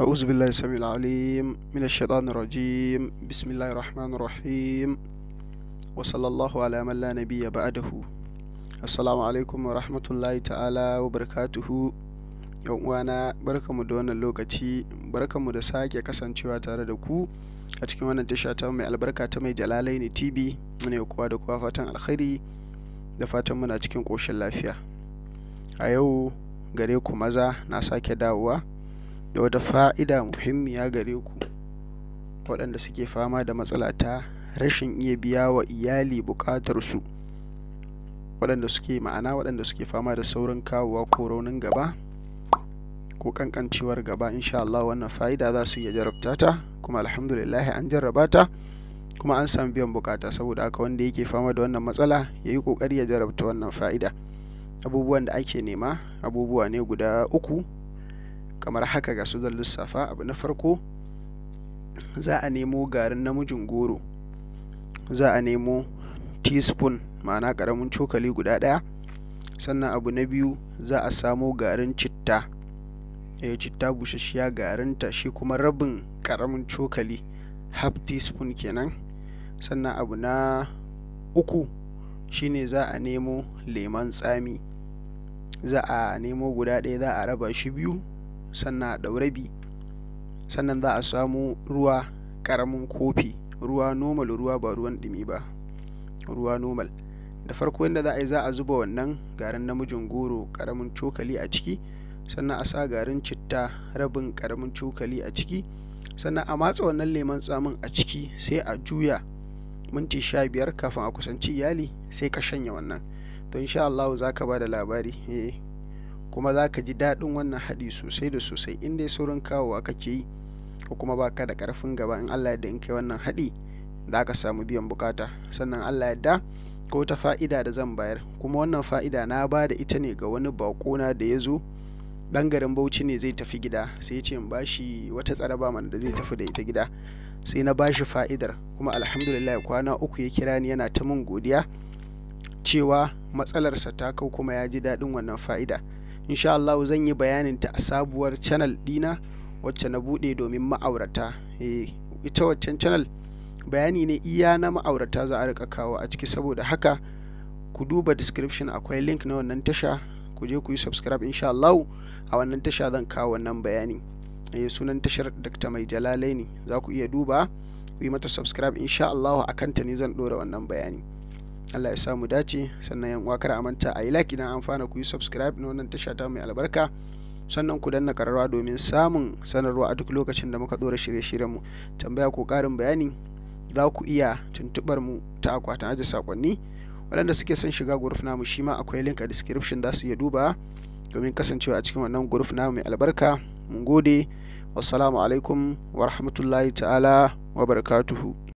أعوذ بالله السميع العليم من الشيطان الرجيم بسم الله الرحمن الرحيم وصلى الله على من لا نبي بعده السلام عليكم ورحمة الله تعالى وبركاته yan barkamu da wannan lokaci barkamu da sake kasancewa tare da ku a cikin wannan tasha ta mai albarka ta mai jalalai ne tv muna kowa da kowa fatan alkhairi da fatan muna cikin koshin lafiya a yau gare ku maza na sake dawowa da wata fa'ida muhimmiya gare ku waɗanda suke fama da matsala ta rashin iya biya wa iyali buƙatarsu waɗanda suke ma'ana waɗanda suke fama da saurin kawowa ko raunin gaba ko kankancewar gaba insha Allah wannan fa'ida za su iya jarabta ta kuma alhamdulillah an jarraba ta kuma an samu biyan bukata saboda haka wanda yake fama da wannan matsala ya yi kokari ya jarabta wannan fa'ida abubuwan da ake nema abubuwa ne guda uku kamar haka ga su zan lissafa abu na farko za a nemo garin namijin goro za a nemo teaspoon ma'ana karamin cokali guda ɗaya sannan abu na biyu za a samo garin citta eh citta garin ta shi kuma rabin karamin cokali half teaspoon kenan sannan abu na uku shine za a nemo lemon tsami za a nemo guda ɗaya za a raba shi biyu sannan a rabi sannan za a samu ruwa karamin kofi ruwa normal ruwa ba ruwan ɗumi ba ruwa normal da farko yadda za a yi za a zuba wannan garin namijin goro karamin cokali a ciki sannan a sa garin citta rabin karamin cokali a ciki sannan a matsa wannan lemon tsamin a ciki sai a juya minti sha biyar kafin a kusanci iyali sai ka shanya wannan don insha Allah za ka ba da labari eh. kuma za ka ji daɗin wannan haɗi sosai da sosai inda ya saurin kawowa kake yi ko kuma ba ka da ƙarfin gaba in Allah da in kai wannan haɗi za ka samu biyan bukata sannan Allah yadda ko ta fa'ida da zan bayar kuma wannan fa'ida na ba da ita ne ga wani bakona da ya zo ɗan garin bauchi ne zai tafi gida sai ya ce in bashi wata tsaraba mana da zai tafi da ita gida sai na bashi fa'idar kuma alhamdulillah kwana uku ya kira ni yana ta mun godiya cewa matsalarsa ta kau kuma ya ji daɗin wannan fa'ida insha Allah zan yi bayanin ta a sabuwar channel dina wacce na bude domin ma'aurata eh ita waccan channel bayani ne iya na ma'aurata za a rika kawo a ciki saboda haka ku duba description akwai link na wannan tasha ku je ku yi subscribe insha Allah a wannan tasha zan kawo wannan bayani eh sunan tashar Dr. Mai Jalalai ne za ku iya duba ku yi mata subscribe insha Allah akan ta ne zan dora wannan bayani Allah ya sa mu dace sannan yan uwa kar a manta a yi like idan an fana ku yi subscribe na wannan tasha ta mai albarka sannan ku danna kararwa domin samun sanarwa a duk lokacin da muka dora shirye-shiryenmu tambaya ko karin bayani za ku iya tuntubar mu ta akwatin aje sakonni waɗanda suke son shiga guruf namu shi ma akwai link a description za su iya duba domin kasancewa a cikin wannan guruf namu mai albarka mun gode wassalamu alaikum wa rahmatullahi ta'ala wa barakatuhu